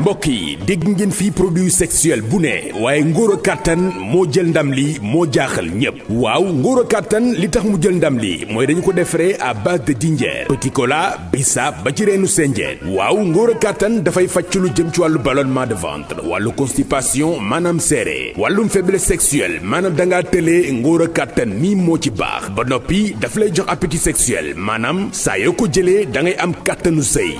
mbokk yi dégg ngeen fii produit sexuel bu ne waaye ngóor a kàttan moo jël ndam li moo jaaxal ñépp waaw ngóor a kàttan li tax mu jël ndam li mooy dañu ko defaree à base de dinjeer petit cola bisaab ba ci reenu senjeen waaw ngóor a kàttan dafay fàcc lu jëm ci wàllu ballonnement de ventre wàllu constipation maanaam seere wàllum faiblesse sexuelle maanaam da tële tëlee ngóor a kàttan nii moo ci baax ba noppi dafa lay jox appétit sexuel maanaam saa yoo ko jëlee da ngay am kàttanu sëy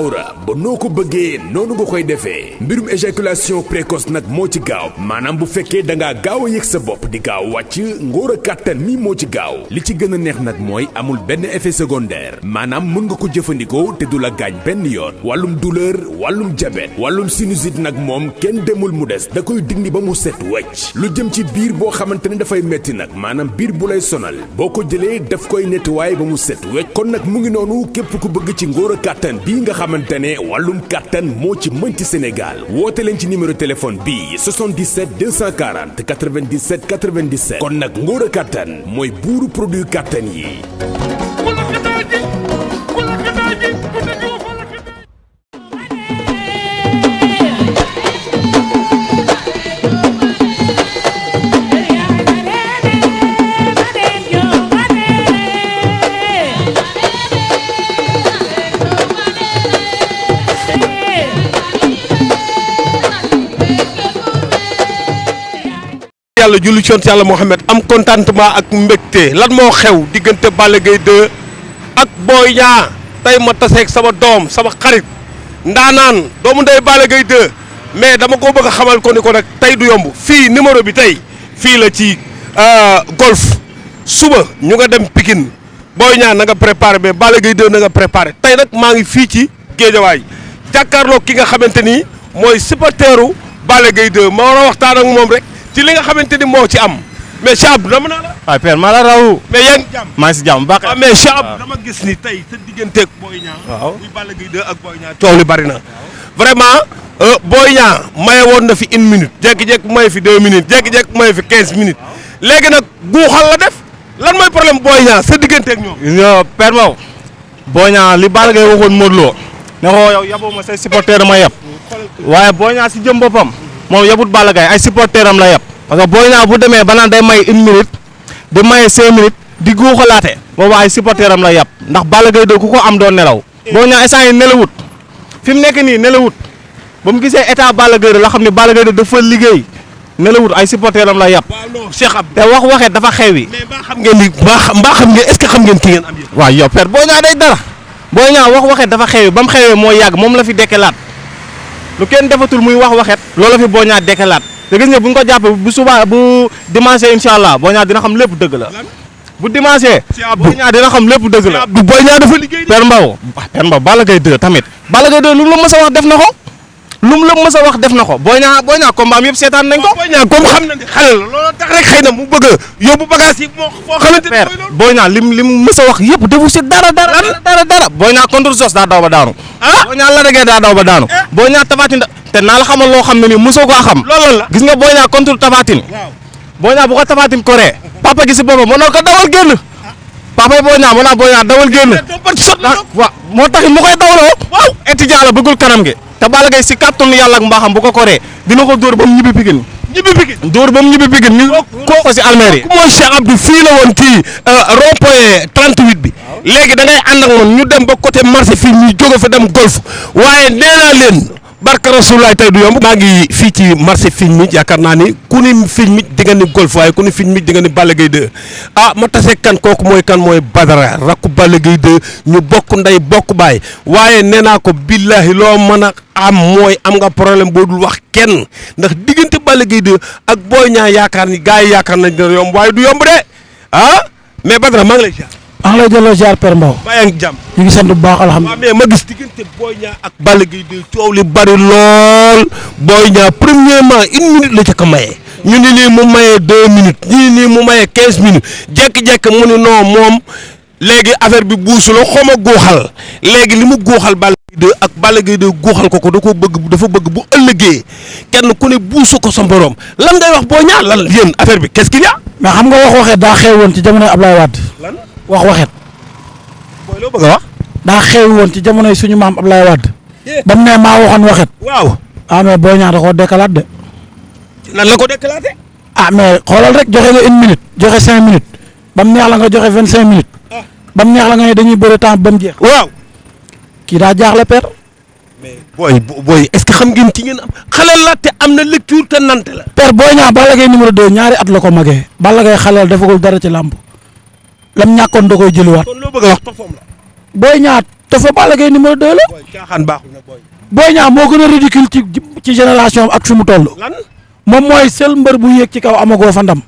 awra ba noo ko bëggee noonu nga koy defee mbirum éjaculation précoce nag moo ci gaaw maanaam bu fekkee da gaaw a yëg sa bopp di gaaw wàcc ngóor kàttan mi moo ci gaaw li ci gën a neex nag mooy amul benn effet secondaire maanaam mën nga ko jëfandikoo te du la gaañ benn yoon wàllum douleur wàllum jabet wàllum sinusite nag moom kenn demul mu des da koy dindi ba mu set wecc lu jëm ci biir boo xamante ne dafay metti nag maanaam biir bu lay sonal boo ko jëlee daf koy nettoyer ba mu set kon nag mu ngi noonu képp bëgg ci ngóor kàttan bii xamante ne wàllum kàttan moo ci mënti Sénégal woote leen ci numéro téléphone bi 77 240 97 97 kon nag ngóor a kàttan mooy buuru produit kàttan yi yàlla julli ci yonent yàlla Mouhamed am contentement ak mbégte lan moo xew diggante bale Gaye 2 ak Boy Niang tey ma taseeg sama doom sama xarit ndaanaan doomu ndey bale Gaye 2 mais dama ko bëgg xamal ko ko nag tey du yomb fii numéro bi tey fii la ci euh, golf suba ñu nga dem pikin Boy Niang na nga préparé mais bale Gaye 2 na préparé tey nag maa ngi fii ci Géejawaay jàkkaarloo ki nga xamante ni mooy supporteru Balla Gaye 2 ma war a waxtaan ak moom rek. ci li nga xamante ni moo ci am mais Cheikh Abdou dama naa la. waaw père maa la raw. mais yaa ngi jàmm ni tey sa digganteeg Boy Niang. waaw muy Balla Gaye li bari na. vraiment euh, Boy ñaa maye woon na fi une minute. jékki-jékki maye fi deux minutes jékki-jékki maye fi quinze minutes. léegi nag guuxal la def. lan mooy problème Boy Niang sa digganteeg ñoo non père ñaa li Balla Gaye waxoon Modou Lo. ne ko yow yaboo ma say supporter ma yab. Mm. waaye Boy ñaa si jëm boppam. moom yabut Balla Gaye ay supporter am la yab parce que Boy Niang bu demee ba naan day may une minute di maye cinq minutes di guuxalaate booba ay supporter am la yab ndax Balla Gaye ku ko am doon nelaw. Boy Niang instant yi nelawut fi mu nekk nii nelawut ba mu gisee état Balla Gaye la xam ne Balla Gaye dafa liggéey nelawut ay supporter am la yab. Cheikh Abdou te wax waxee dafa xewi. mais mbaa xam ngeen li xam ngeen est-ce que xam ngeen ki ngeen am. waaw yow père Boy Niang day dara Boy Niang wax waxee dafa xewi ba mu xewee moo yàgg moom la fi dekkelaat lu kenn defatul muy wax waxet loola fi boo ñaa dekkalaat te gis nga bu ñu ko jàppee bu subaa bu dimanche incha allah boo ñaa dina xam lépp dëgg la bu dimanche boo ñaa dina xam lépp dëgg la du boo ñaa dafa liggéey per mbaw per tamit Balla Gaye lu la mës a wax def na ko lu mu la mës a wax def na ko booy naa booy seetaan nañ ko. booy naa comme xam na ne xale la looloo tax rek xëy na mu bëgg a yóbbu bagage yi moo foo xamante ne booy naa lim a wax yëpp defu dara dara dara dara booy ba daanu. ah booy naa la regee daa daw ba daanu. Ah? booy eh? naa loo xam ne nii mosoo koo xam. loolu la gis nga booy naa ko tafatin koree. papa gi si boppam mënoo ko dawal génn. papa yi booy naa mën naa booy naa dawal génn. Eh, ah, waaw moo tax mu koy dawloo. waaw étudiant la bëggul kanam gi te Balla Gaye si kàttanu yàlla ak mbaaxam bu ko koree dina ko dóor ba mu ñibbi Pikine ñibbi Pikine dóor ba mu ñibbi Pikine ñu koo ko si almeri mooy Cheikh Abdou fii la woon ci euh, rond-point 38 bi léegi da ngay ànd ak moom ñu dem ba côté marché fii ñu jóge fa dem golf waaye nee naa leen barka rasulaay tey du yomb maa ngi fii ci marché fiñ mi yaakaar naa ni ku ni fiñ mi di nga ni golf waaye ku ni fiñ mi di nga ni Balla Gaye 2 ah ma tase kan kooku mooy kan mooy Badara rakku Balla Gaye 2 ñu bokk ndey bokk baay waaye nee naa ko billaahi loo mën a am mooy am nga problème boo dul wax kenn ndax diggante Balla Gaye 2 ak Boy ñaa yaakaar ni gars yi yaakaar nañ dina yomb waaye du yomb de ah mais Badara maa ngi lay maa ngi lay delloo ziar Père ngi jàmm ñu ngi sant bu baax alhamdulilah. ma gis diggante Boy Niang ak Balla Gaye de coow li bari lool booy Niang premièrement une minute la ca maye ñu ni nii mu maye deux minutes ñu ni nii mu maye quinze minutes jékki-jékki mu ne noo moom léegi affaire bi buusu la xoma guuxal léegi li mu guuxal Balla Gaye de ak bala Gaye de guuxal ko ko da ko bëgg dafa bëgg bu ëllëgee kenn ku ne buusu ko sa borom lan ngay wax Boy Niang lan yéen affaire bi qu'est-ce qu'il y mais xam nga wax waxee daa xewoon ci jamono Ablaye Wade. lan. wax waxet booy loo bëgg a daa xew woon ci jamonoy suñu maam ab lay ba mu ne maa waxoon waxet. waaw ah mais booy ñaar da koo décalaat la ko décalaatee. ah xoolal rek joxe nga joxe cinq ba mu la nga joxe vingt cinq ah. ba mu la nga dañuy bëri temps ba mu waaw. kii daa jaaxle père. mais booy booy est que xam ngeen ci ngeen am la te na lecture te nante la. père booy ñaar Balla numéro 2 ñaari at la ko magee. Balla Gaye xaleel defagul dara ci làmb. lam ñàkkoon da koy jëliwaat. kon loo bëgg a wax tofam la. booy caaxaan baaxul na booy. Boy Niang moo gën a ridicule ci ci ak fi mu toll. lan moom mooy sel mbër bu yéeg ci kaw amagoo fa ndam.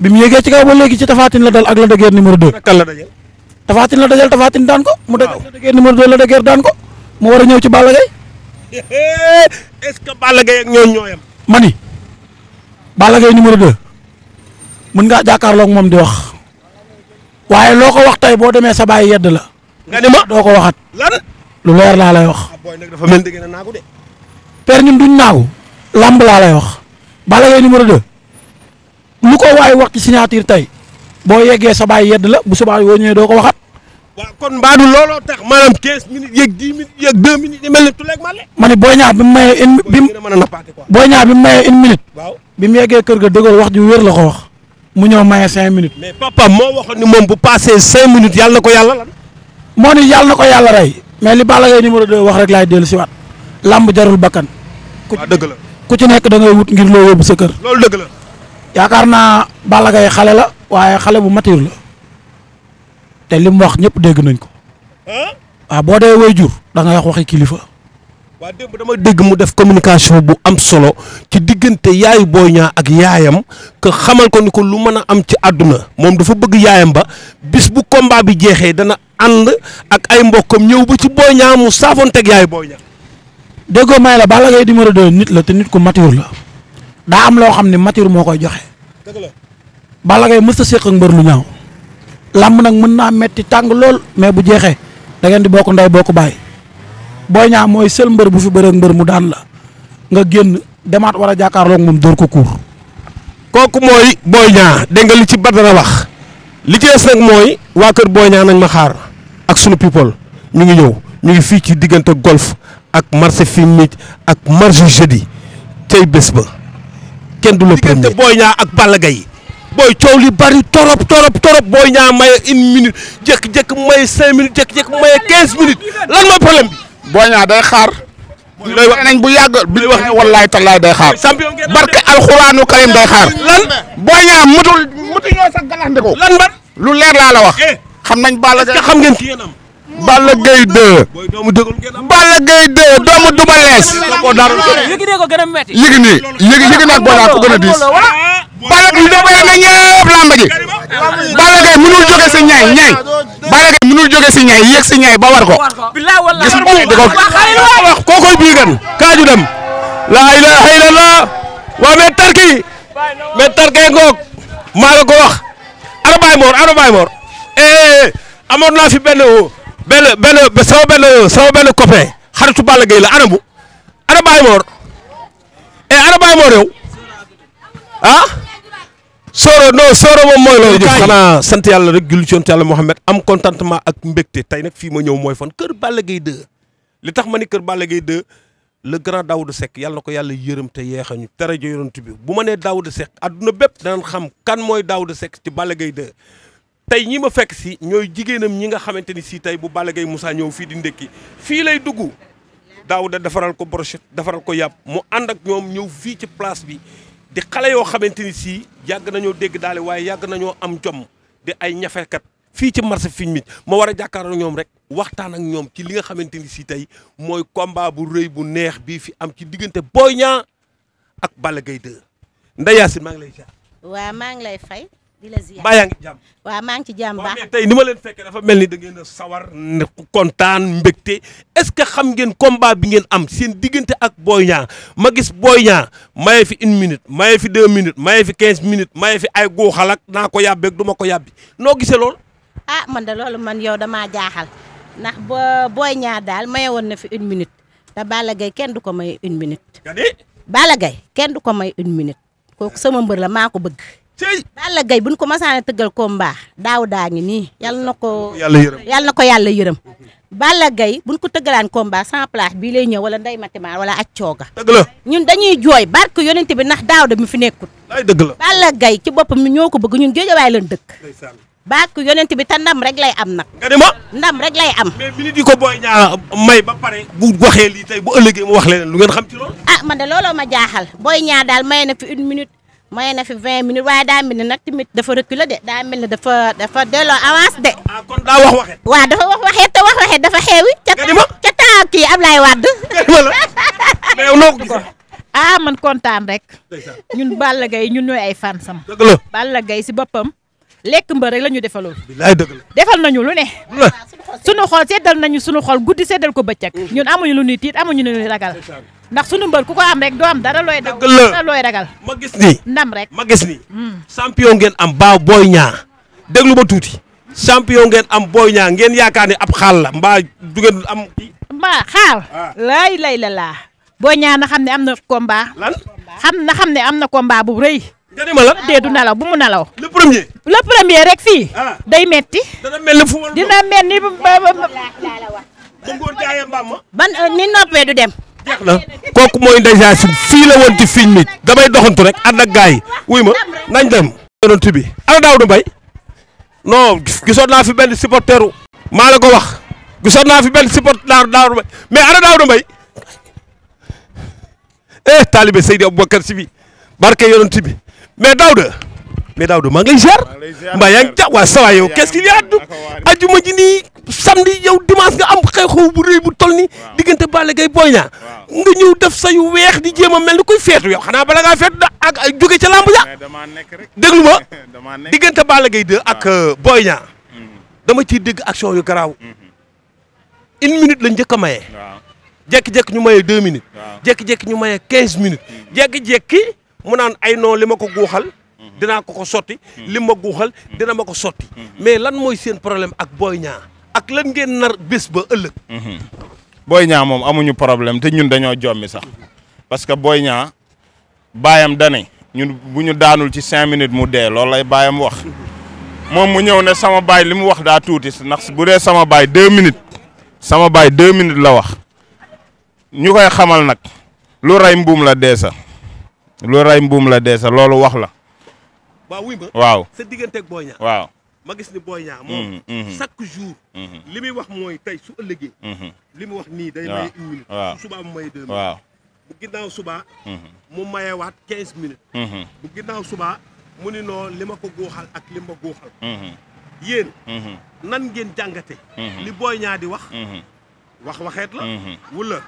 bi mu yéegee ci kaw ba léegi ci tafaatin la dal ak la dëgër numéro 2. kan la dajal. tafaatin la dajal tafaatin daan ko. mu daj la dëgër numéro 2 la dëgër daan ko. mu war a ñëw ci Balla Gaye. est-ce que Balla Gaye ak ñoom ma ni Balla Gaye numéro 2 mën ngaa jàkkaarloog moom di wax. waaye loo ko wax tey boo demee sa baay yedd la. nga ne doo ko waxat. lan lu leer laa lay wax. Ah, booy nag dafa mel ni dangeen a naagu de. père ñun duñ naagu. lamb laa lay wax. Balla Gaye numéro 2. lu ko waay wax ci signature tey. boo yeggee sa baay yedd la bu subaa yoo ñëwee doo ko waxat. waaw kon mbaadu looloo tax maanaam 15 minutes yeeg 10 minutes yeeg 2 minutes yi mel ne tuleeg male. ma ne booy ñaa bi mu mayee une bi mu booy ñaa bi minute. waaw bi mu yeggee kër ga dëgër wax ju wér la ko wax. mu ñëw maye cinq minutes. mais papa moo waxoon ni moom bu passé cinq minutes yàlla ko yàlla lan. moo ni yàlla na ko yàlla rey. mais li Balla Gaye numéro 2 wax rek laay dellu si waat làmb jarul bakkan. waaw dëgg la ku ci nekk dangay wut ngir loo yóbbu sa kër. loolu dëgg la. yaakaar naa Balla xale la waaye xale bu mature la te li wax ñëpp dégg nañ ko. ah boo dee way jur da ngay wax waxi kilifa. waa démb dama dégg mu def communication bu am solo ci diggante yaayu Boy Niang ak yaayam que xamal ko ni ko lu mën a am ci àdduna moom dafa bëgg yaayam ba bis bu komba bi jeexee dana ànd ak ay mbokkam ñëw ba ci Boy Niang mu saafoonteeg yaayu booy Niang. déggoo may la Balla Gaye numéro 2 nit la te nit ku mature la daa am loo xam ne mature moo koy joxe. dëgg la Balla mës a séq mbër lu ñaaw. làmb nag mën naa metti tàng lool mais bu jeexee da ngeen di bokk ndey bokk bàyyi. booy Niang mooy seul mbër bu fi bëree mbër mu daan la nga génn demaat war a jàkkaarloog moom dóor ko kuur. kooku mooy booy ñaa dégg nga li ci Badara wax li ci nag mooy waa kër booy Niang nañ ma xaar ak sunu people ñu ngi ñëw ñu ngi fii ci diggante golf ak marché fii ak marché jeudi tey bés ba kenn du la. premier diggante ñaa ak Balla yi booy coow li bari torop torop torop booy ñaa maye une minute jékki-jékki maye cinq minutes jékki-jékki maye quinze lan mooy problème Boy Niang day xaar. looy wax nañ bu yàgg bi wax wallaay tallaay day xaar. barke alxuraanu karim day xaar. lan Boy Niang mutul mutu lu leer laa la wax. Eh. xam nañ Balla Gaye xam ngeen ki Balla Gaye 2. Balla Gaye 2 doomu Double Less. yëgi ne ko gën a metti. yëgi nii yëgi yëgi nag Boy Niang ko gën a diis. Balla Gaye ba yàgg na ñëpp làmb ji. Balla Gaye mënul jóge si ñaay ñaay. mënul jóge si ñay yéeg si ñay ba war ko. ko koy biigan kaaju dem. laa ilaaha illallah waa mais tarki mais tarkee ngoog maa la ko wax. ana Baye Mor ana Baye Mor. Eh, amoon naa fi benn benn benn sama benn sama benn copain xaritu Balla Gaye la ana mu ana Baye eh, ana Baye Mor yow ah. Sooro non Sooro moom mooy loolu. jërëjëf xanaa sant yàlla rek julli ci yonent yàlla Mouhamed am contentement ak mbégte tey nag fii ma ñëw mooy fan kër Balla Gaye 2 li tax ma ni kër Balla Gaye 2 le grand Daouda sekk yàlla na ko yàlla yërëm te yeexañu tere jo yonent bi bu ma nee Daouda Seck adduna bépp danañ xam kan mooy Daouda Seck ci Balla Gaye 2 tey ñii ma fekk si ñooy jigéenam ñi nga xamante ni si tey bu Balla gay Moussa ñëw fii di ndékki fii lay dugg Daouda defaral ko brochette defaral ko yàpp mu ànd ak ñoom ñëw fii ci place bi di xale yoo xamante ni sii yàgg nañoo dégg daale waaye yàgg nañoo am jom di ay ñafekat fii ci marché fiñ mi ma war a jàkkaarloo ñoom rek waxtaan ak ñoom ci li nga xamante ni sii tey mooy combat bu rëy bu neex bii fi am ci diggante booy ñaa ak Balla Gaye 2 Ndeye Yacine maa ngi lay jaar. waaw maa ngi lay fay. di la ziar mbaa yaa ngi jàmm. waa maa ngi ci jàmm baax tey ni ma leen fekkee dafa ni da ngeen a sawar kontaan mbégte est-ce que xam ngeen combat bi ngeen am seen diggante ak Boy Niang ma gis booy Niang ma fi une minute maye fi deux minutes maye fi quinze minutes maye fi ay góoxal ak naa ko yàbbeeg du ma ko yàbbi noo gisee lool. ah man da loolu man yow damaa jaaxal ndax ba Boy Niang daal ma woon na fi une minute te Balla gay kenn du ko may une minute. nga kenn du ko may une minute kooku sama mbër la maa ko bëgg. Balla Gaye buñ ko masaana tëggal combat daaw daa ngi nii yal na ko yal na ko yàlla yërëm Balla gay buñ ko tëggalaan combat sans place bii lay ñëw wala nday matimaar wala ak cooga ñun da dañuy jooy barke yonent bi ndax daaw da mi fi nekkut Balla Gaye ci boppam mi ñoo ko bëgg ñun géejawaay lañ dëkk baak yonent bi te ndam rek lay am nag. nga ne ndam rek lay am. mais minute yi ko booy ñaa may ba bu waxee lii bu ëllëgee mu wax leneen lu xam ci loolu. ma ah, man de looloo ma jaaxal booy ñaa daal may na fi une minute. maye na fi 20 minutes waaye daa mel ni nag tamit dafa reculer de daa mel ni dafa dafa delloo avance de. ah kon daa wax waxet. waaw dafa wax waxet te wax waxet dafa xewi. ca ca taa kii am Wade. mais yow ah, man kontaan rek. ñun Balla Gaye ñun ñooy ay fan sam. dëgg la Balla si boppam. lekk mbër rek la ñu defaloon. bilaay dëgg defal nañu lu ne. suñu xool seddal nañu sunu xool guddi seddal ko bëccëg. Mm. ñun amuñu lu ñuy tiit amuñu lu ñuy ragal. ndax sunu mbër ku ko am rek doo dara looy daw ragal ma gis ni ndam rek ma gis ni hmm. champion ngeen am baaw booy ñaa déglu ba tuuti champion ngeen am booy ñaa ngeen yaakaar ni ab xaal la mbaa du ngeen am mbaa xaal laay ah. lay la laa booy ñaa na xam ne am na combat xam na xam ne am na combat bu rëy nga ma la dee du nalaw bu mu nalaw le premier le premier rek fii ah. day metti dana mel ni fu dina ba euh, ni noppee du dem jeex na kooku mooy Ndeye Sassine fii la woon ci fiñ damay doxantu rek ànd ak gars yi wuy ma nañ dem. yonent bi ana Daouda Mbaye non gisoon naa fi benn supporteru maa la ko wax gisoon naa fi benn support Daouda Daouda Mbaye mais ana Daouda Mbaye eh taalibe Seydi Aboubacar si bi barke yonent bi mais Daouda mais Daouda maa yaa ngi waa sa waay yow qu'est-ce qu'il y a samedi yow dimanche nga am xew-xew bu rëy bu toll ni diggante Balla gay Boy Niang nga ñëw def sayu weex di jéem a mel ni koy feetu yow xanaa bala ngaa feetu da ak ay jóge ca làmb ja déglu ma diggante Balla gay 2 ak euh, Boy Niang mm-hmm. dama ci dégg action yu garaaw mm-hmm. une minute lañ njëkk a maye jekki-jekki ñu maye deux minutes jekki-jekki ñu maye quinze minutes mm-hmm. jekki-jekki mu naan ay non li ma ko guuxal dinaa ko ko sotti li ma guuxal dina ma ko sotti mais lan mooy seen problème ak Boy Niang ak lan ngeen nar bés ba ëllëg. Mhm. booy ñaa moom amuñu problème te ñun dañoo jommi sax parce que booy ñaa baayam dane ñun bu ñu daanul ci cinq minutes mu dee loolu lay baayam wax moom mu ñëw ne sama baay li mu wax daa tuuti ndax bu dee sama baay deux minutes sama baay deux minutes la wax ñu koy xamal nag lu rey mbuum la dee sa lu rey mbuum la dee sa loolu wax la. waaw waaw. ma gis ni Boy Niang moom mm-hmm, mm-hmm. chaque mm-hmm. li muy wax mooy tey su ëllëgee li muy wax nii day maye une minute su subaa mu maye deux minutes bu ginnaaw subaa mu ginnaaw subaa mu ni noo li ma ko góoxal ak li ma góoxal yéen nan ngeen jàngate li Boy Niang di wax wax waxeet la wala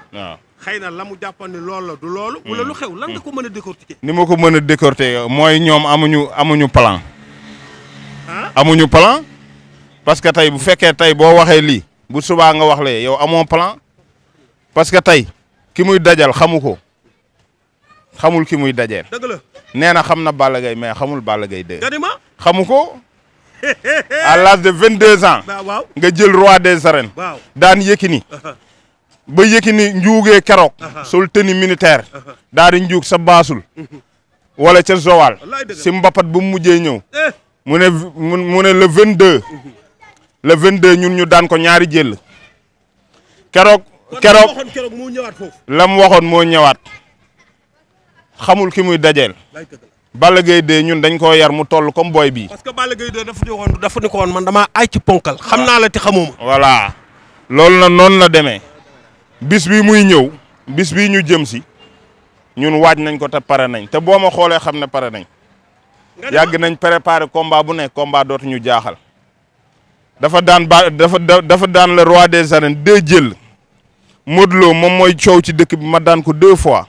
xëy na la mu jàppoon ni loolu la du loolu wala lu xew lan nga ko mën a décortiquer ni ma ko mën a décortiquer mooy ñoom amuñu amuñu plan amuñu plan parce que tey bu fekkee tey boo waxee lii bu subaa nga wax lee yow amoo plan parce que tey ki muy dajal xamu ko xamul ki muy dajeel. dëgg nee na xam na Balla Gaye mais xamul Balla Gaye 2. xamu ko à l'âge de 22 ans. waaw nga jël roi des arènes. waaw daan Yékini uh-huh. ba Yékini njuugee keroog. Uh-huh. sol tenue militaire. Uh-huh. daal di njuug sa baasul. wala ca Joal. si mbapat bu mu mujjee ñëw. Eh. mu ne mu ne le 22. le deux ñun ñu daan ko ñaari jël keroog. keroog la mu waxoon moo ñëwaat. xamul ki muy dajeel. Balla Gaye 2 ñun dañ koo yar mu toll comme booy bii. parce que Balla Gaye 2 dafa ni woon dafa ni ko woon man damaa ay ci ponkal. xam naa la te xamuma. voilà loolu na noon na demee. bis bi muy ñëw. bis bii ñu jëm si. ñun waaj nañ ko te pare nañ te boo ma xoolee xam ne pare nañ. yàgg nañ préparer komba bu nekk combat dootuñu jaaxal dafa daan ba dafa dafa daan le roi des arènes deux jël Modou moom mooy coow ci dëkk bi ma daan ko deux fois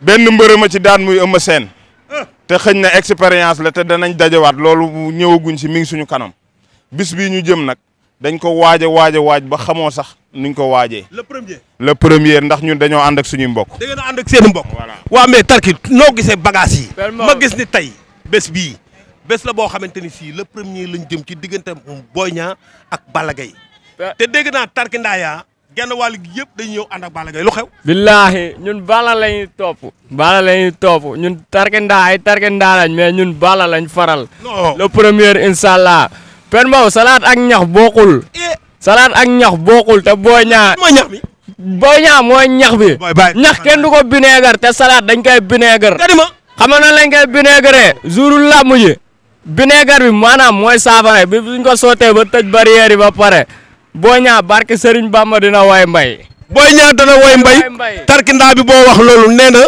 benn mbërë ma ci daan muy Eumeu Sène te xëñ na expérience la te danañ dajawaat loolu ñëwaguñ si mi ngi suñu kanam bis bii ñu jëm nag dañ ko waaj a waaj waaj ba xamoo sax nuñ ko waajee. le premier le premier ndax ñun dañoo ànd ak suñuy mbokk. da ngeen ak seen mbokk. voilà waaw mais Tarki noo gisee bagage yi. ma gis ni tey bés bi bés la boo xamante ni sii le premier lañ jëm ci diggante Boy Niang ak Balla te dégg naa Tarki Ndaaya genn wàll gi yëpp dañuy ñëw ànd ak Balla Gaye billaahi ñun bala lañuy topp. Balla lañuy topp ñun Tarki Ndaa ay Tarki Ndaa lañ mais ñun Balla lañ faral. le premier incha pen mbaw salaat ak ñax bokkul. Eh. salaat ak ñax bokkul te booy mooy ñax bi. ñaa mooy ñax bi. ñax kenn du ko bineegar te salaat dañ koy bineegar. xam nga nan lañ koy bineegaree. jouru làmm ji. bineegar bi maanaam mooy saafara bi buñ ko sottee ba tëj barrière yi ba pare booy ñaa barke Serigne Bamba dina way mbay. booy ñaa dana way mbay tarkindaa bi boo wax loolu nee na.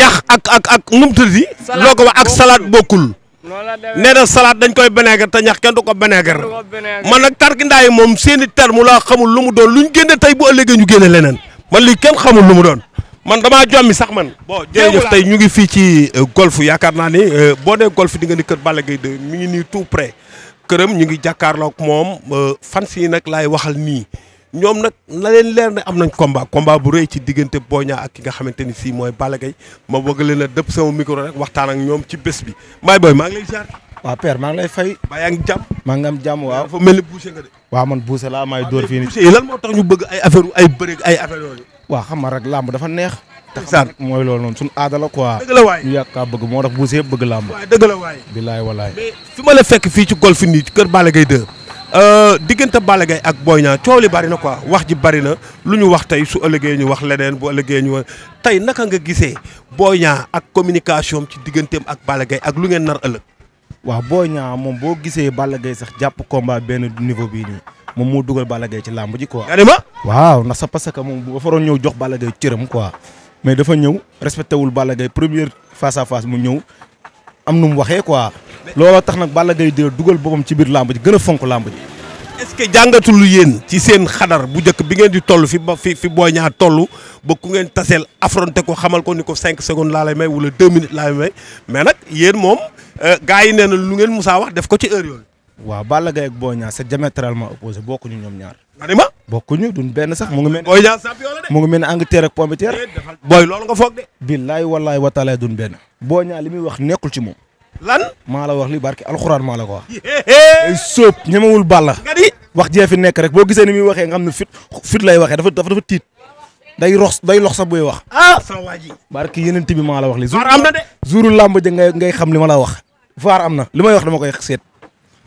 ñax ak ak ak nu mu tudd ko wax ak salaat bokkul. nee na salade dañ koy vinaigre te ñax kenn du ko vinaigre man nag tarkindaa yi moom seeni i terme laa xamul lu mu doon lu ñu génne tey bu ëllëgee ñu génne leneen man li kenn xamul lu mu doon man damaa jommi sax man. boo jërëjëf tey ñu ngi fii ci euh, golf yaakaar naa ni euh, boo nee golf di nga ni kër Balla Gaye 2 mi ngi nii tout près këram ñu ngi jàkkaarloog moom euh, fan yi nag laay waxal nii. ñoom nag na leen leer ne am nañ combat combat bu rëy ci diggante Boy Niang ak ki nga xamante ni sii mooy Balla Gaye ma bëgg leen a dëpp sama micro rek waxtaan ak ñoom ci bés bi maay booy maa ngi lay maa ngi fay. ba yaa ngi jàmm. maa ngi am jàmm waaw. dafa mel ni boucher nga de. waaw man boucher laa may dóor fii nii. lan moo tax ñu bëgg ay affaire ay bëreeg ay affaire yooyu. waaw xam nga rek làmb dafa neex. taxaw mooy loolu noonu suñu aada la quoi. dëgg la waay ñu yàgg kaa bëgg moo tax boucher yëpp bëgg làmb. waay dëgg la waay. bilaay walaay. mais fi ma la fekk fii ci golf nii ci kër Balla gay dë Euh, diggante Balla Gaye ak Boy ñaa coow li bari na quoi wax ji bari na lu ñu wax tey su ëllëgee ñu wax leneen bu ëllëgee ñu tey naka nga gisee Boy ñaa ak communication ci digganteem ak Balla ak lu ngeen nar ëllëg. waaw Boy ñaa moom boo gisee Balla Gaye sax jàpp combat benn niveau bii nii moom moo dugal Balla Gaye ci làmb ji quoi. ma waaw ndax sa parce que moom bu faroon ñëw jox Balla Gaye cëram quoi mais dafa ñëw respecté wul Balla Gaye première face à mu ñëw am nu mu waxee quoi looloo tax nag Balla Gaye di dugal boppam ci biir làmb ji gën a fonk làmb ji. est jàngatul yéen ci seen xadar bu njëkk bi ngeen di toll fi ba fi fi Boy Niang toll ba ku ngeen taseel affronté ko xamal ko ni ko 5 secondes laa lay may wala 2 minutes laa lay may mais nag yéen moom euh, gars yi nee na lu ngeen musaa wax def ko ci heure yooyu. waaw Balla Gaye ak Boy Niang c'est diamétralement opposé bokkuñu ñoom ñaar. anima ñu duñ benn sax mu ngi mel. Boy Niang champion la de. mu ne Angleterre ak Pomme de terre. booy loolu nga foog de. billaay wallaay wa taalaay benn. boo Niang li muy wax nekkul ci moom. lan maa la wax li barke alxuraan maa la ko wax. ay sóob ñemewul Balla. wax jee fi nekk rek boo gisee ni muy waxee nga xam ne fit fit lay waxee dafa dafa tiit. day rox day lox sa buy wax. ah sama waa ji. barke yeneen bi maa la wax li. vaar am na de jouru làmb ngay xam li ma la wax. vaar am na li may wax dama koy seet.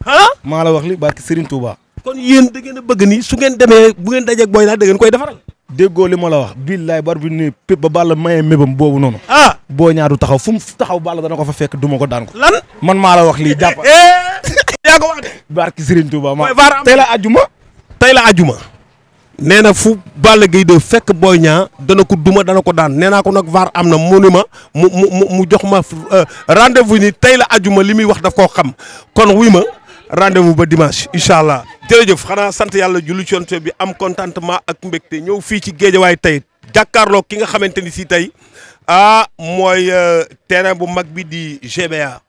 ah maa la wax li barke Serigne Touba. kon yen da ngeen a bëgg ni su ngeen demee bu ngeen dajeeg Boy Niang da ngeen koy defaral. déggoo li ma la wax billaay bar bi nii pépp ba Balla mayee mébam boobu noonu. ah boo ñaadu taxaw fu mu taxaw Balla dana ko fa fekk duma ko daan ko. lan man maa la wax lii jàpp. Eh, eh, yaa ko wax de. barki Serigne Touba ma tey la ajuma. tey la ajuma. nee na fu Balla Gaye de fekk Boy Niang dana ko duma dana ko daan nee naa ko nag vaar am na mu ni ma mu mu mu jox ma euh, rendez-vous ni tey la ajuma li muy wax daf koo xam kon wuy ma. rendez-vous ba dimanche incha allah jërëjëf xanaa sant yàlla julli ci yonent bi am contentement ak mbégte ñëw fii ci waaye tey jàkkaarloo ki nga xamante ni si tey ah mooy euh, terrain bu mag bi di GBA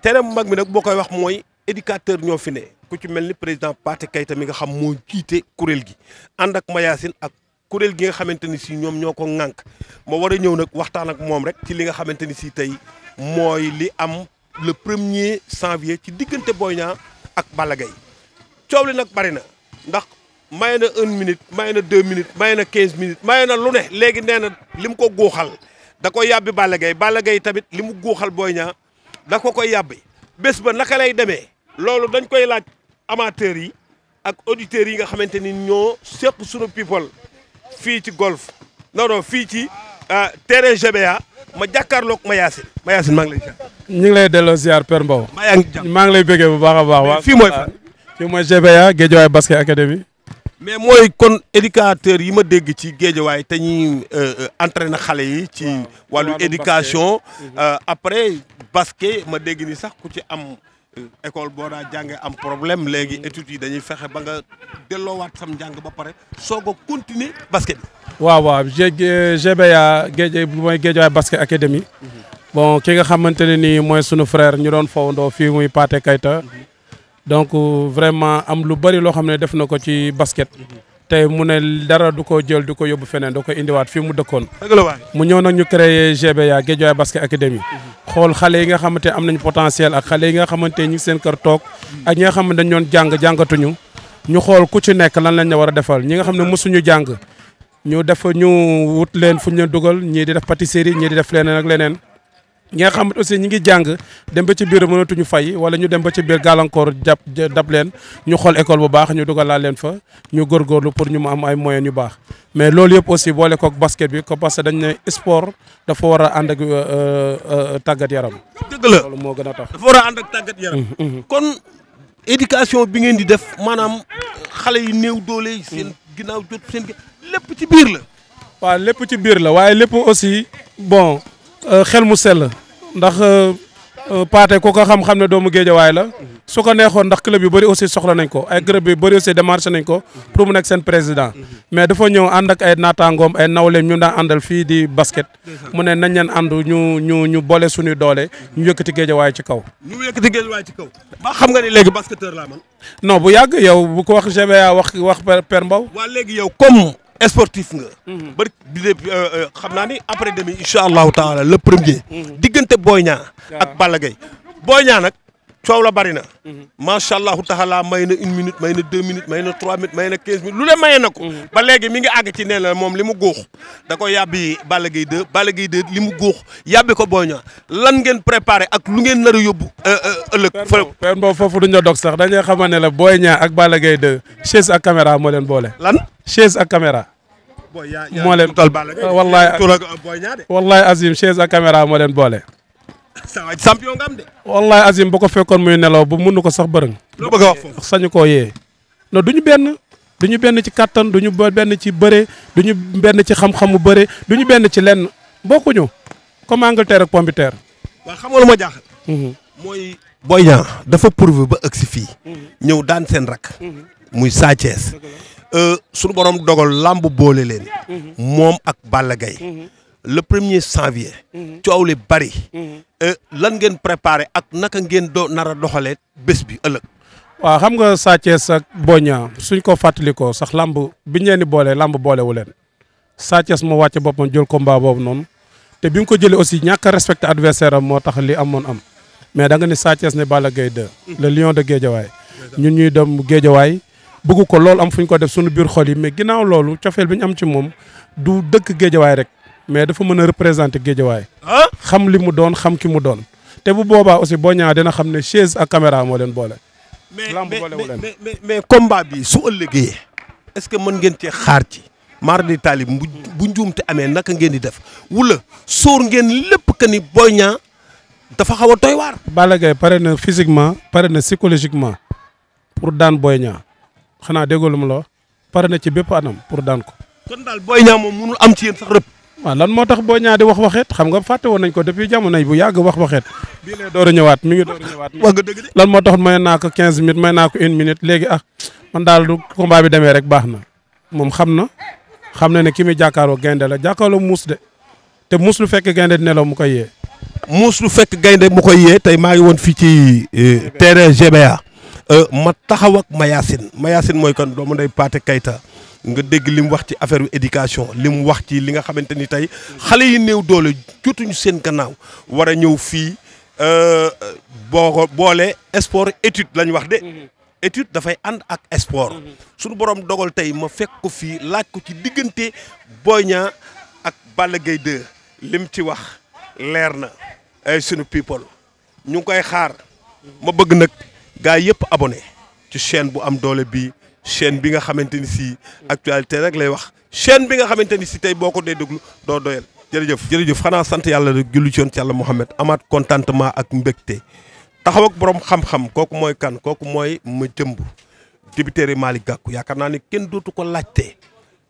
tere bu mag bi nag boo koy wax mooy éducateur ñoo fi ne ku ci mel ni président Pathé Keita mi nga xam moo jiite kuréel gi ànd ak Mayacine ak kuréel gi nga xamante ni si ñoom ñoo ko ŋànk ma war a ñëw nag waxtaan ak moom rek ci li nga xamante ni si tey mooy li am le premier janvier ci diggante Boy Niang ak Balla Gaye coow li nag bari na ndax maye na une minute maye na deux minutes maye na quinze minutes maye na lu ne léegi nee na li mu ko guuxal da ko yàbbi Balla Gaye Balla Gaye tamit li mu guuxal booy Niang da ko koy yàbbi bés ba naka lay demee loolu dañ koy laaj amateurs yi ak auditeurs yi nga xamante ni ñoo seq sunu people fii ci golf non fii ci Euh, terrain GBA ma jàkkaarloog Mayacine Mayacine maa ngi lay ziar. ñu ngi lay delloo ziar Père Mbow. maa ngi lay bëggee bu baax a baax. fii mooy fan. Ah, fii mooy GBA Guédiawaye Basket Academy. mais mooy kon éducateur yi ma dégg ci Guédiawaye te ñuy euh, euh, na xale yi ci wàllu éducation mhm. après basket ma dégg ni sax ku ci am. école boo daa jàngee am problème léegi études yi dañuy fexe ba nga delloowaat sam njàng ba pare soog a continuer basket bi. waaw waaw GBA géej mooy Guédiawaye basket académie bon ki nga xamante ne nii mooy sunu frère ñu doon fawandoo fii muy Pathé Keita mhm. donc vraiment am lu bari loo xam ne def na ko ci basket. te mu ne dara du ko jël du ko yóbbu feneen du ko indiwaat fii mu dëkkoon. mu ñëw nag ñu créé GBA Guédiawaye Basket Academy. xool xale yi nga xamante am nañ potentiel ak xale yi nga xamante ñu ngi seen kër toog. ak ñi nga xam ne dañu jàng jàngatuñu. ñu xool ku ci nekk lan lañ la war a defal ñi nga xam ne mosuñu jàng. ñu def ñu wut leen fu ñu leen dugal ñii di def pâtisserie ñii di def leneen ak leneen. ñi nga xam aussi ñu ngi jàng dem ba ci biir mënatuñu fay wala ñu dem ba ci biir gàllankoor jàpp dab leen ñu xool école bu baax ñu dugalal leen fa ñu góorgóorlu pour ñu mu am ay moyens yu baax. mais loolu yëpp aussi boole koog basket bi ko parce que dañ ne sport dafa war a ànd ak euh, euh, euh, tàggat yaram. dëgg la loolu moo a war a ànd ak tàggat yaram. Mm, mm. kon éducation bi ngeen di def maanaam xale yi néew doole yi. seen mm. ginnaaw jot seen lépp ci biir la. waaw lépp ci biir la waaye lépp aussi bon. Euh, xel mu sell ndax euh, euh, Pathé ku ko xam-xam ne doomu géejawaay la su ko neexoon ndax club yu bëri aussi soxla nañ ko ay club yu bëri aussi démarché nañ ko pour mu nekk seen président mais dafa ñëw ànd ak ay naataangoom ay nawleem ñu daan àndal fii di basket mu ne nañ leen ànd ñu ñu ñu boole suñuy doole ñu yëkkati géejawaay ci kaw. ñu yëkkati géejawaay ci kaw. ba xam nga léegi basketteur laa man. bu yàgg yow bu ko wax GBA wax wax per Mbow. waa sportif nga. Mhm. bari euh, euh, xam naa ni après demi incha allahu taala le premier. Mhm. diggante Boy Niang ah. ak Balla Gaye Boy Niang nag. coow la bari na. Mhm. macha allahu taala may na une minute may na deux minutes may na trois minutes may na quinze minutes lu ne maye na ko. Mhm. ba léegi mi ngi àgg ci ne la moom li mu góox da ko yàbbi Balla Gaye 2 Balla Gaye 2 li mu góox yàbbi ko Boy Niang lan ngeen préparé ak lu ngeen nar a yóbbu. Euh, euh, ëllëg fële. père boobu foofu duñu dox sax dañuy xamal ne la Boy Niang ak Balla Gaye 2 chaise ak moo leen boole. lan chaise ak caméra. moo leen. tuutal Balla Gaye wallaay wallaay euh, Azim chaise ak caméra moo leen boole. saa waay champion am de. wallaay Azim ba ko fekkoon muy nelaw ba mënu ko sax bërëng. loo bëgg a wax foofu sañu koo yee. non du ñu benn du ñu benn ci kattan du ñu benn ci bëre du ñu benn ci xam-xamu bëre du ñu benn ci lenn bokkuñu comme Angleterre ak Pompiteer. xam nga lu ma jaaxal. Mhm. mooy. Boy Niang dafa prouvé ba ëgg si fii. Mhm. ñëw daan seen rak. Mhm. muy Sa Thiès. Euh, suñu borom dogal làmb boole leen. moom ak Balla Gaye le premier janvier. Mhm. coow li bari. Mhm. Euh, lan ngeen préparé ak naka ngeen doo nar a doxalee bés bi ëllëg. waaw xam nga Sa Thiès ak Boña suñ ko fàttalikoo sax lamb biñ leen di boole lamb boolewu leen Sa Thiès moo wàcce boppam jël combat boobu noonu te bi mu ko jëlee aussi ñàkk a respecté adversaire am moo tax li amoon am mais da nga ni Sa Thiès ne Balla gay 2 mhm. le lion de Guédiawaye ñun ñuy dem Guédiawaye bëgg ko loolu am fu ñu ko def suñu biir xol yi mais ginnaaw loolu cofeel bi ñu am ci moom du dëkk Guédiawaye rek mais dafa mën a représenter géejawaay xam li mu doon xam ki mu doon te bu boobaa aussi boo ñaa dina xam ne chaise ak caméra moo leen boole lamb boolewu leen mais mais combat bi su ëllëgee est-ce que mën ngeen cee xaar ci mardi taalib bu bu njuumte amee naka ngeen di def wula sóor ngeen lépp que ni Boy Niang dafa xaw a doy waar. Balla Gaye pare na physiquement pare na psychologiquement pour daan booy Niang xanaa déggoo lu ma la pare na ci bépp anam pour daan ko. kon daal Boy Niang moom mënul am ci yéen sax waaw lan moo tax boo ñaa di wax waxeet xam nga fàtte woon nañ ko depuis jamonoy bu yàgg wax waxeet bii lay door a ngi door a ñëwaat. wax nga dëgg de lan moo tax may naa ko 15 minutes may naa ko une minute léegi ah man daal du bi demee rek baax na moom xam na xam na ne ki muy jàkkaarloo gaynde la jàkkaarloo muus de te muus lu fekk gaynde di nelaw mu koy yee. muus lu fekk gaynde mu ko yee tey maa ngi woon fii ci euh, terrain GBA euh, ma taxaw ak Mayacine Mayacine mooy kan doomu ndey Pathé Keita nga dégg li mu wax ci affaire éducation li mu wax ci li nga xamante ni tey xale yi néew doole jotuñu seen gannaaw war a ñëw fii euh, boo ko boole sport étude lañ wax de. Mhm. étude dafay ànd ak sport. Mhm. suñu borom dogal tey ma fekk ko fii laaj ko ci diggante Boy ña ak Balla Gaye 2 lim ci wax leer na sunu people ñu ngi koy xaar. ma bëgg nag gaa yëpp abonné ci chaîne bu am doole bii. chaîne bi nga xamante ni si actualité rek lay wax chaîne bi nga xamante ni si tey boo ko dee déglu doo doyal jërëjëf. jërëjëf xanaa sant yàlla rek jullu ci yoon ci yàlla Mouhamed amaat ak mbégte taxaw borom xam kooku mooy kan kooku mooy ma jëmb dibiteeri Malick Gakou yaakaar naa ni kenn dootu ko laajte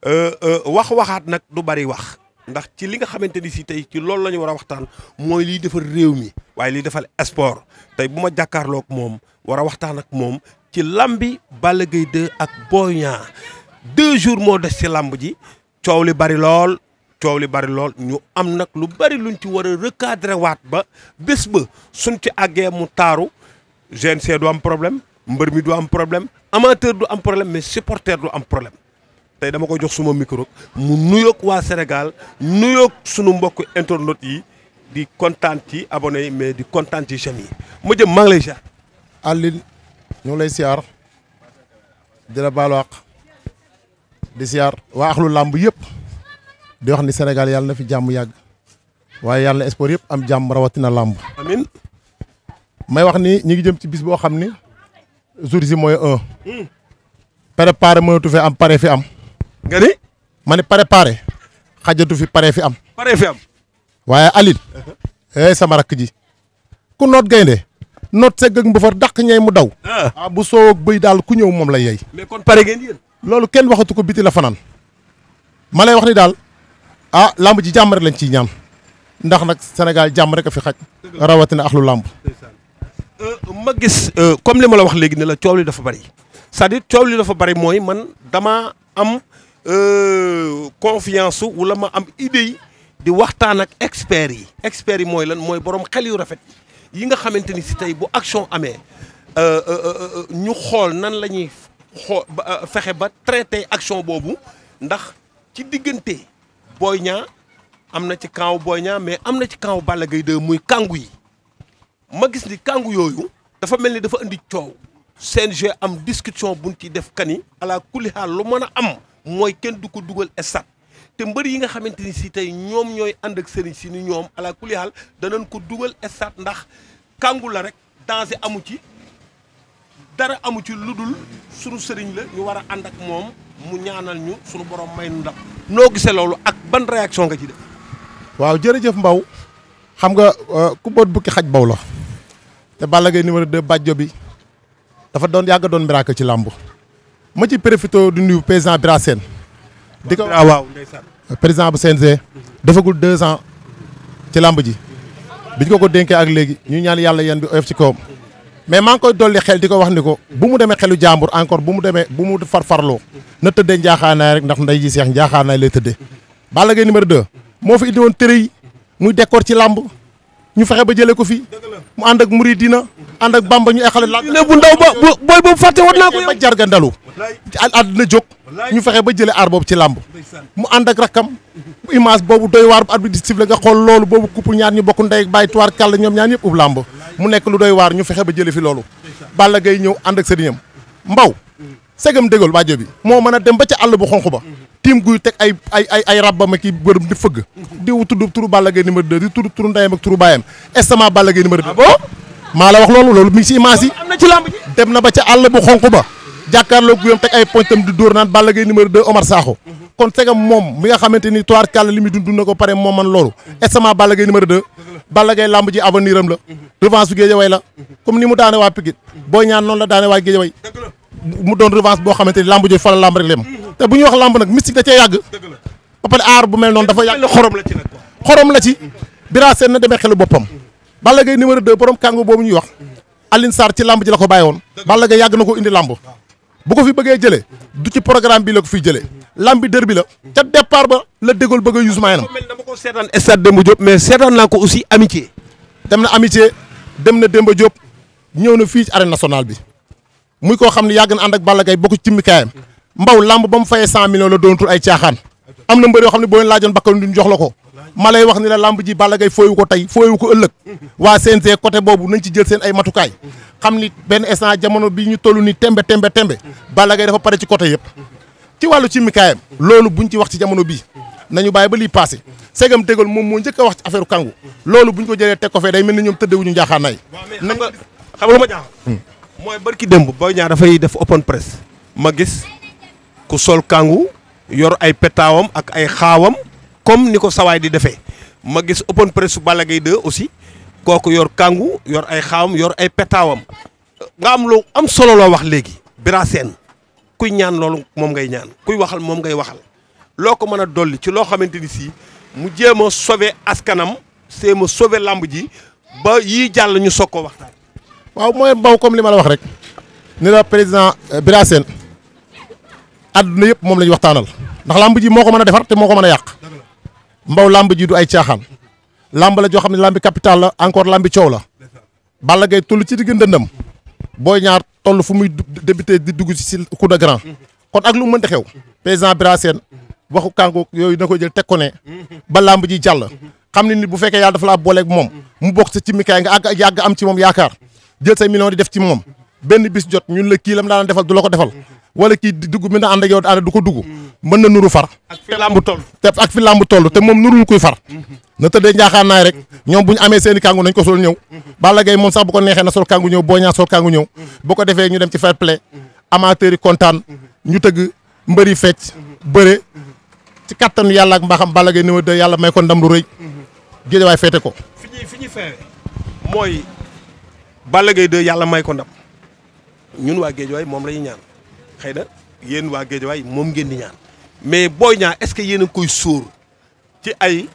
euh, euh, wax waxaat nag du bari wax. ndax ci li nga xamante ni si tey ci loolu la ñu war a waxtaan mooy lii defal réew mi waaye lii defal sport tey bu ma jàkkaarloog moom war a waxtaan ak moom ci lambi Balla Gaye 2 ak Boy Niang deux jours moo des ci lamb ji coow li bari lool coow li bari lool ñu am nag lu bari luñ ci war a recadrer waat ba bés ba suñ ci àggee mu taaru GNC du am problème mbër mi du am problème amateur du am problème mais supporter du am problème tey dama koy jox suma micro mu nuyook waa Sénégal nuyoog sunu mbokk internautes yi di kontaan ci abonné yi mais di kontaan ci chaîne yi ma jëm maa lay ziar. ñu ngi lay siyaar di la baalu àq di siyaar waa axlu làmb yëpp di wax ni Sénégal yàlla na fi jàmm yàgg waaye yàlla na sport yëpp am jàmm rawatina làmb amiin may wax ni ñi ngi jëm ci bis boo xam ni jour ji mooy un hmm. préparé mënatu fi am pare fi am nga ni ma préparé xajatu fi pare fi am pare fi am waaye Alil eh sama rakk ji ku noot gaynde noot segg ak mbëfër daq ñay mu daw. ah, ah bu soo ak bëy daal ku ñëw moom la yey. mais kon pare ngeen loolu kenn waxatu ko biti la fanaan ma lay wax ni daal ah làmb ji jàmm rek lañ ciy ñaan ndax nag Sénégal jàmm rek a fi xaj. rawatina ak lu làmb. Euh, ma gis euh, comme li ma la wax léegi ne la coow li dafa bari c'est-à-dire coow li dafa bari mooy man dama am euh, confiance wala ma am idée yi di waxtaan ak experts yi. experts yi mooy lan mooy borom xel yu rafet. yi nga xamante ni si tey bu action amee euh, euh, euh, ñu xool nan la ñuy xool fexe ba traité action boobu ndax ci diggante Boy ñaar am na ci camp Boy ñaar mais am na ci camp Balla Gaye 2 muy kàngu yi ma gis ni kàngu yooyu dafa mel ni dafa indi coow CNG am discussion buñ ci def kani ala kulli haal lu mën a am mooy kenn du ko dugal estat te mbër yi nga xamante ni si tey ñoom ñooy ànd ak sëriñ si ni ñoom ala kulli haal ko dugal stade ndax kàngu la rek danger amu ci dara amu ci lu dul sunu sëriñ la ñu war a ànd ak moom mu ñaanal ñu sunu borom may nu ndax noo gisee loolu ak ban réaction nga ci def. waaw jërëjëf Mbaw xam nga euh, ku boot bukki xaj baw la te Balla Gaye numéro 2 bàjjo bi dafa doon yàgg doon miracle ci làmb ma ci profité du nuyu président Bira Sène di ko ah, waaw président bu CNG. defagul deux ans ci làmb ji. bi ñu ko ko denkee ak léegi ñuy ñaan yàlla yan bi oyof ci kawam. mais maa ngi koy dolli xel di ko wax ni ko bu mu demee xelu jàmbur encore bu mu demee bu mu farfarloo na tëddee njaaxaanaay rek ndax nday ji seex njaaxaanaay lay tëddee. Balla Gaye numéro 2 moo fi indi woon tërë yi muy décor ci làmb ñu fexe ba jëlee ko fi mu ànd ak muridina ànd ak bamba ñu ay xale. ne bu ndaw ba booy boobu fàtte woon naa ko yow ba jargandalu àdduna jóg ñu fexe ba jëlee aar boobu ci làmb mu ànd ak rakkam image boobu doy waar bu arbitre di siffle nga xool loolu boobu couple ñaan ñu bokk ndey bàyyi tuwaar kàll ñoom ñaar ñëpp ub làmb mu nekk lu doy waar ñu fexe ba jëlee fi loolu Balla Gaye ñëw ànd ak sëriñam mbaw segam dégal waajo bi moo mën a dem ba ci àll bu xonq ba tiim guy teg ay ay ay ay rabbam ak i bërëm di fëgg di tudd turu Balla Gaye numéro 2 di tudd turu ndeyam ak turu baayam estament Balla Gaye ah ci image dem na ba ca àll bu xonq ba jàkkaarloo guyam teg ay poñtam di dóor naan Balla Gaye numéro 2 Omar Sakho kon segam moom mi nga xamante ni toir kàll li muy dund na ko pare moom man loolu estament Balla Gaye numéro la revanche su Guédiawaye la ni mu daane waa Pikine Boy Niang la daane waa mu doon revanche boo xamante ni làmb jooju fa làmb rek lem te bu ñuy wax làmb nag mystique da cee yàgg ba pare aar bu mel noonu dafa yàgg xorom la ci nag la ci bira seen na demee xelu boppam Balla boobu ñuy wax Aline Sarr ci làmb la ko bàyyi woon Balla yàgg na ko indi làmb bu ko fi bëggee jëlee du ci programme bi la ko fiy jëlee lambi dër bi la ca départ ba la déggoo bëgg a yuus maanaam. dama ko seetaan stade Demba Diop mais seetaan naa ko aussi amitié. dem na amitié dem na Demba Diop ñëw na fii ci arène nationale bi muy koo xam ne yàgg na ànd ak Balla Gaye bokk ci mikaayam mbaw lamb ba mu fayee cent millions la doon ay caaxaan am na mbër yoo xam ne boo leen laajoon bakkal duñ jox la ko. malay wax ni la làmb ji Balla Gaye fooyu ko tey fooyu ko ëllëg waa CNG côté boobu nañ ci jël seen ay matukaay xam ni benn instant jamono bi ñu toll ni tembe tembe tembe Balla Gaye dafa pare ci côté yëpp ci wàllu ci mikaayam bu buñ ci wax ci jamono bii nañu bàyyi ba lii passé segam dégal moom moo njëkk a wax ci affaire kàngu loolu bu ñu ko jëlee teg ko fee day mel ni ñoom tëddewuñu njaaxaanaay xam nga lu ma jaaxal hmm. mooy barki démb Boy Niang dafay def open press ma gis ku sol kàngu yor ay petaawam ak ay xaawam comme ni ko sawaay di defee ma gis open press bala Gaye 2 aussi kooku yor kàngu yor ay xaawam yor ay petaawam nga am lu am solo loo wax léegi Bira kuy ñaan loolu moom ngay ñaan kuy waxal moom ngay waxal loo ko mën a dolli ci loo xamante ni sii mu jéem a sauver askanam c'est ma sauver lamb ji ba yii jàll ñu soog ko waxtaan. waaw mooy mbaw comme li ma la wax rek ni la président euh, Bira Sène yépp yëpp moom la ñu waxtaanal ndax lamb ji moo ko mën moo mën a yàq mbaw làmb ji du ay caaxaan làmb la joo xam ne làmbi capital la encore làmbi coow la Balla Gaye toll ci digg ndëndam boo ñaar toll fu muy débuté di dugg ci coup de grand kon ak lu mu mënti xew président Bira Sène waxu kàngu yooyu na ko jël teg ko ne ba làmb ji jàll xam ne nit bu fekkee yàlla dafa laa booleeg moom mu bokk sa ci mikaay nga àgg yàgg am ci moom yaakaar jël say million di def ci moom benn bis jot ñun la kii lam daan defal du la ko defal wala kii dugg mi na ànd ak yow ànd du ko dugg mën na nuru far ak fi làmb toll te ak fi làmb toll te moom nurul kuy far na tëddee njaaxaan naay rek ñoom bu ñu amee seen i kàngu nañ ko sol ñëw Balla Gaye moom sax bu ko neexee na sol kàngu ñëw boo ñaa sol kàngu ñëw bu ko defee ñu dem ci fair play amateurs yi kontaan ñu tëgg mbëri fecc bëre ci kattanu yàlla ak mbaaxam Balla Gaye numéro 2 yàlla may ko ndam lu rëy géejawaay feete ko fi mooy Balla yàlla may ñun waa waay moom la ñuy ñaan xëy na yéen waa waay moom ngeen di ñaan mais Boy ñaa est-ce que yéen koy sóor ci ay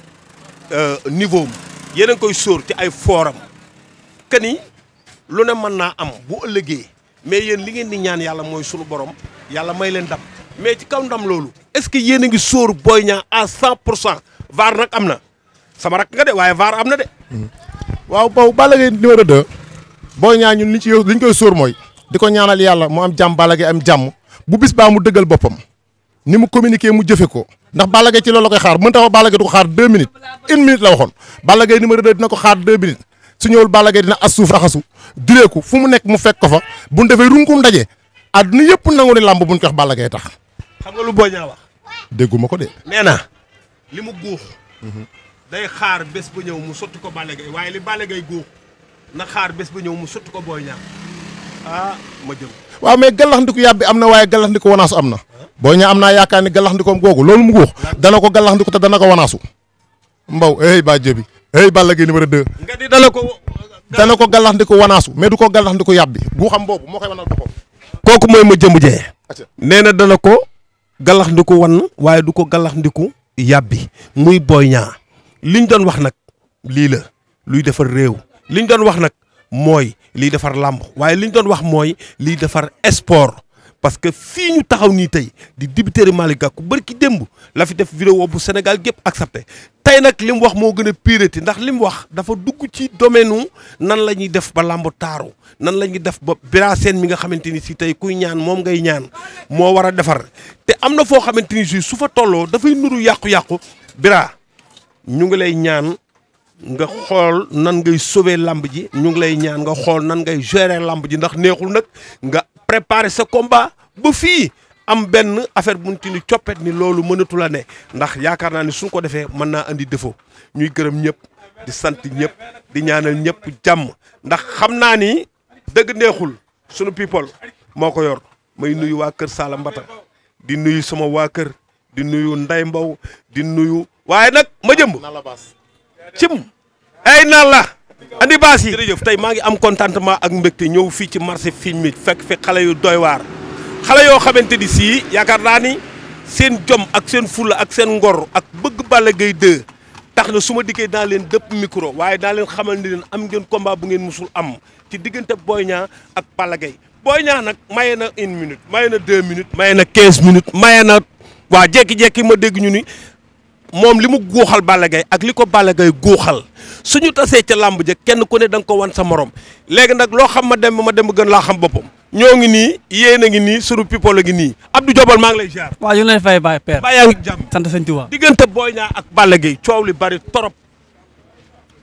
euh, niveau am a ngi koy sóor ci ay fooram que ni lu ne mën naa am bu ëllëgee mais yéen li ngeen di ñaan yàlla mooy sunu borom yàlla may leen dam mais ci kaw ndam loolu est-ce que yéen a ngi sóor booy ñaa à 100 pour cent vaar nag am na sama rakk nga de waaye vaar am na de. Hmm. waaw Pao Balla Gaye numéro 2. Boy Niang ñun li ñu ci li ñu koy sóor mooy. di ko ñaanal yàlla mu am jàmm Balla am jàmm bu bis baa mu dëggal boppam ni mu communiqué mu jëfe ko ndax Balla Gaye ci loolu la koy xaar mën tax Balla Gaye du ko xaar deux minutes une minute la waxoon Balla Gaye numéro deux dina ko xaar deux minutes su ñëwul Balla Gaye dina as suuf raxasu dureeku fu mu nekk mu fekk ko fa bu ñu defee runkum ndaje àdduna yëpp nangu ni làmb bu ñu ko wax Balla tax. xam nga lu Boy Niang wax. dégguma ko de. nee na li mu góox. day xaar bés bu ñëw mu sotti ko Balla Gaye waaye li Balla Gaye góox na xaar bés bu ñëw mu sotti ko Boy Niang ah ma jëm waaw mais gallaxndiku yàbbi am na waaye gallaxndiku wanaasu am na boo ñaa am naa yaakaar ni gallaxndikoom googu loolu mu guux dana ko gallaxndiku te dana ko wanaasu mbaw ey ba jëbi ey Balla Gaye dana ko dana ko gallaxndiku wanaasu mais du ko gallaxndiku yàbbi guuxam boobu moo koy wanal boppam kooku mooy ma jëm jee nee na dana ko gallaxndiku wan waaye du ko gallaxndiku yàbbi muy booy ñaa liñ doon wax nag lii la luy defar réew li ñu doon wax nag mooy liy defar làmb waaye li ñu doon wax mooy liy defar sport parce que fii ñu taxaw nii tey di dibiteri Malick Gakou bari ki démb la fi def vidéo bu Sénégal gépp ak accepté tey nag li mu wax moo gën a pirati ndax li mu wax dafa dugg ci domaine nan la ñuy def ba làmb taaru nan la ñuy def ba biraseen mi nga xamante ni si tey kuy ñaan moom ngay ñaan moo war a defar te am na foo xamante ni si su fa tolloo dafay nuru yàqu-yàqu bira ñu ngi lay ñaan nga xool nan ngay sauver lamb ji ñu ngi lay ñaan nga xool nan ngay gérer lamb ji ndax neexul nag nga préparer sa combat ba fii am benn affaire bu ñu ci ni coppet ni loolu mënatu la ne ndax yaakaar naa ni suñ ko defee mën naa indi défaut ñuy gërëm ñëpp di sant ñëpp di ñaanal ñëpp jàmm ndax xam naa ni dëgg neexul sunu people moo ko yor may nuyu waa kër Sala Mbata di nuyu sama waa kër di nuyu Nday mbaw di nuyu waaye nag ma jëmb cim ay naan la andi baas yi jërëjëf tey maa ngi am contentement ak mbégte ñëw fii ci marché film mi fekk fi xale yu doy waar xale yoo xamante ni sii yaakaar naa ni seen jom ak seen fulla ak seen ngor ak bëgg Balla Gaye 2 tax na su ma diggee daa leen dëpp micro waaye daa leen xamal ni leen am ngeen combat bu ngeen musul am ci diggante Boy ñaa ak Balla Gaye Boy Niang nag maye na une minute maye na deux minutes maye na quinze minutes maye na waa jekki-jekki ma dégg ñu ni moom li mu guuxal Balla gay ak li ko Balla gay guuxal su ñu tasee ca làmb ja kenn ku ne da nga ko wan sa morom léegi nag loo xam ma dem ma dem gën laa xam boppam. ñoo ngi nii yéen a ngi nii sunu people a ngi nii Abdou Jobal maa ngi lay ziar. waa ñu ngi lay fay Baye Père. Baye yaa ngi jàmm sant sëñ Tuubaa. diggante ak Balla Gaye coow li bari torop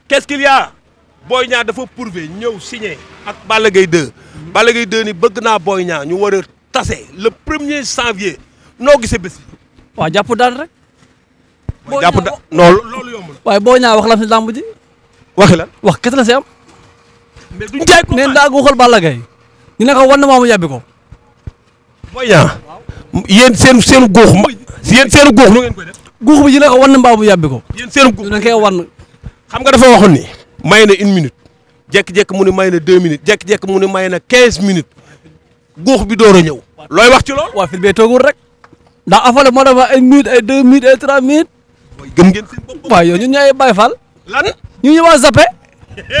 qu'est-ce qu'il y dafa prouvé ñëw signé ak Balla Gaye 2. Balla Gaye 2 ni bëgg naa Boy Niang ñu war tase le premier janvier noo gisee bés. waaw jàpp daal rek. jàpp da loolu yomb waaye boo ñaa wax la fi làmb ji waxi la wax kese la si am mais duñ jaay neen daa waxal Balla Gaye ñu ne ko wan na maamu yàbbi ko booy ñaa yéen seen seen guux yéen seen guux nu ngeen koy def guux bi ñu ne ko wan na mbaamu yàbbi ko yéen seen guux ñu ne koy wan nga dafa waxoon ni may na une jekk-jekk mu ne may na deux minutes jekk-jekk mu ne may na quinze minutes guux bi door a ñëw looy wax ci lool waa fil bee toogul rek ndax afale moo dafa ay minutes ay deux minutes ay trois minutes mooy gëm ngeen seen bopp. waaw yow ñun ñooy ñu ñuy waa Zappé.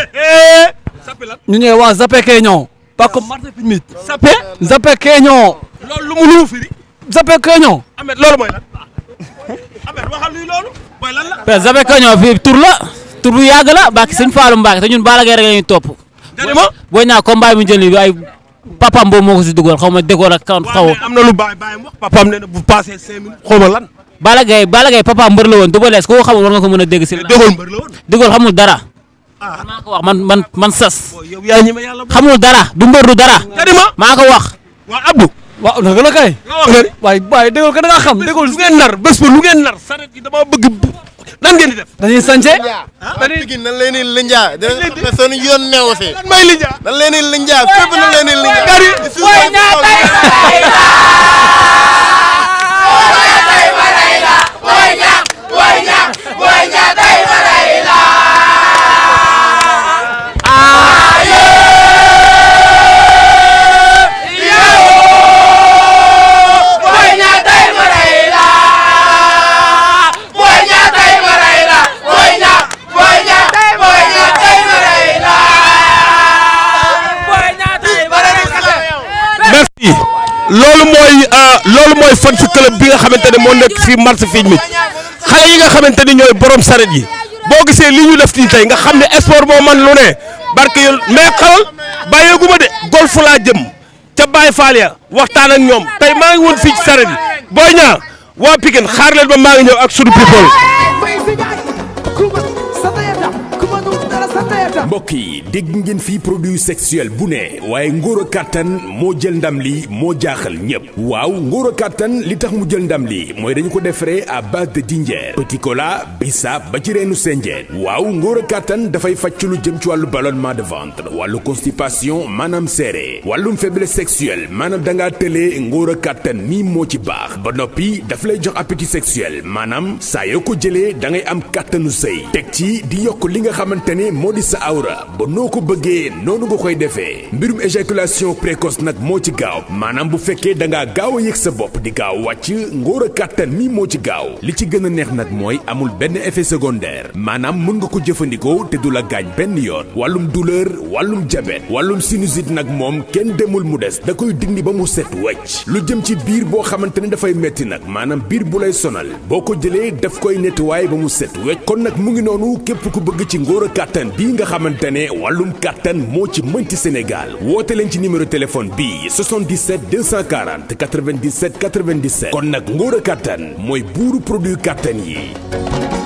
Zappé lan ñu ñooy waa Zappé Keñoo. parce que marché picnic. Zappé Zappé Keñoo. loolu lu mu lu mu firi. Zappé Keñoo. Ahmed loolu mooy lan. Ahmed waxal luy loolu. mooy lan la. mais Zappé Keñoo fii tur la. te ñun Balla Gaye rek la ñuy topp. dëgg la booy naa combat bi mu jël ay. papam boobu moo ko si dugal xaw ma déggoo ak. xaw ma am lu baay baayam wax xaw ma lan. Balla Gaye Balla Gaye papa mbër la woon Double Less koo xamul war nga ko mën a dégg si. déggoon mbër la woon déggoon xamul dara. ah maa ko wax man man man sas. xamul dara du mbër du dara. maa ko wax. waa Abdou. waaw naka la kay. waaye waaye déggoon ko da nga xam déggoon lu nar bés bu lu ngeen nar. saret yi dama bëgg nan ngeen di def. dañuy sànce. dañuy na ah? nan leen di linjaa. dina xam ne seen yoon neewu si. lan may linjaa. nan leen di linjaa fépp nan leen di linjaa. Boy Niang Boy merci loolu mooy euh, loolu mooy fan club bi nga xamante ne moo nekk fii mars fii mi. xale yi nga xamante ni ñooy borom saret yi boo gisee li ñu def nii tey nga xam ne sport moo man lu ne barke yoon mais xalal bàyyeegu ma de golf laa jëm ca Baye Fall ya waxtaan ak ñoom tey maa ngi woon fii ci saret yi boo ñaa waa Pikine xaar leen ba maa ngi ñëw ak sunu people mbokk yi dégg ngeen fii produit sexuel bu ne waaye ngóor a kàttan moo jël ndam li moo jaaxal ñépp waaw ngóor a kàttan li tax mu jël ndam li mooy dañu ko defaree à base de dinjeer petit cola bisaab ba ci reenu senjeen waaw ngóor a kàttan dafay fàcc lu jëm ci wàllu ballonnement de ventre wàllu constipation maanaam seere wàllum faiblesse sexuelle maanaam da ngaa tëlee ngóor a kàttan nii moo ci baax ba noppi dafa lay jox appétit sexuel maanaam saa yoo ko jëlee da ngay am kàttanu sëy awra ba noo ko bëggee noonu nga koy defee mbirum éjaculation précoce nag moo ci gaaw maanaam bu fekkee da ngaa gaaw a yëg sa bopp di gaaw wàcc ngóor a kàttan mi moo ci gaaw li ci gën a neex nag mooy amul benn effet secondaire maanaam mën nga ko jëfandikoo te du la gaañ benn yoon wàllum douleur wallum jabet wàllum sinusite nag moom kenn demul mu des da koy dindi ba mu set wecc lu jëm ci biir boo xamante ne dafay metti nag maanaam biir bu lay sonal boo ko jëlee daf koy nettoyé ba mu set kon nag mu ngi noonu képp bëgg ci ngóor a xamante ne wàllum kàttan moo ci mën ci Sénégal woote leen ci numéro téléphone bi 77 240 97 97 kon nag ngóor a kàttan mooy buuru produit kàttan yi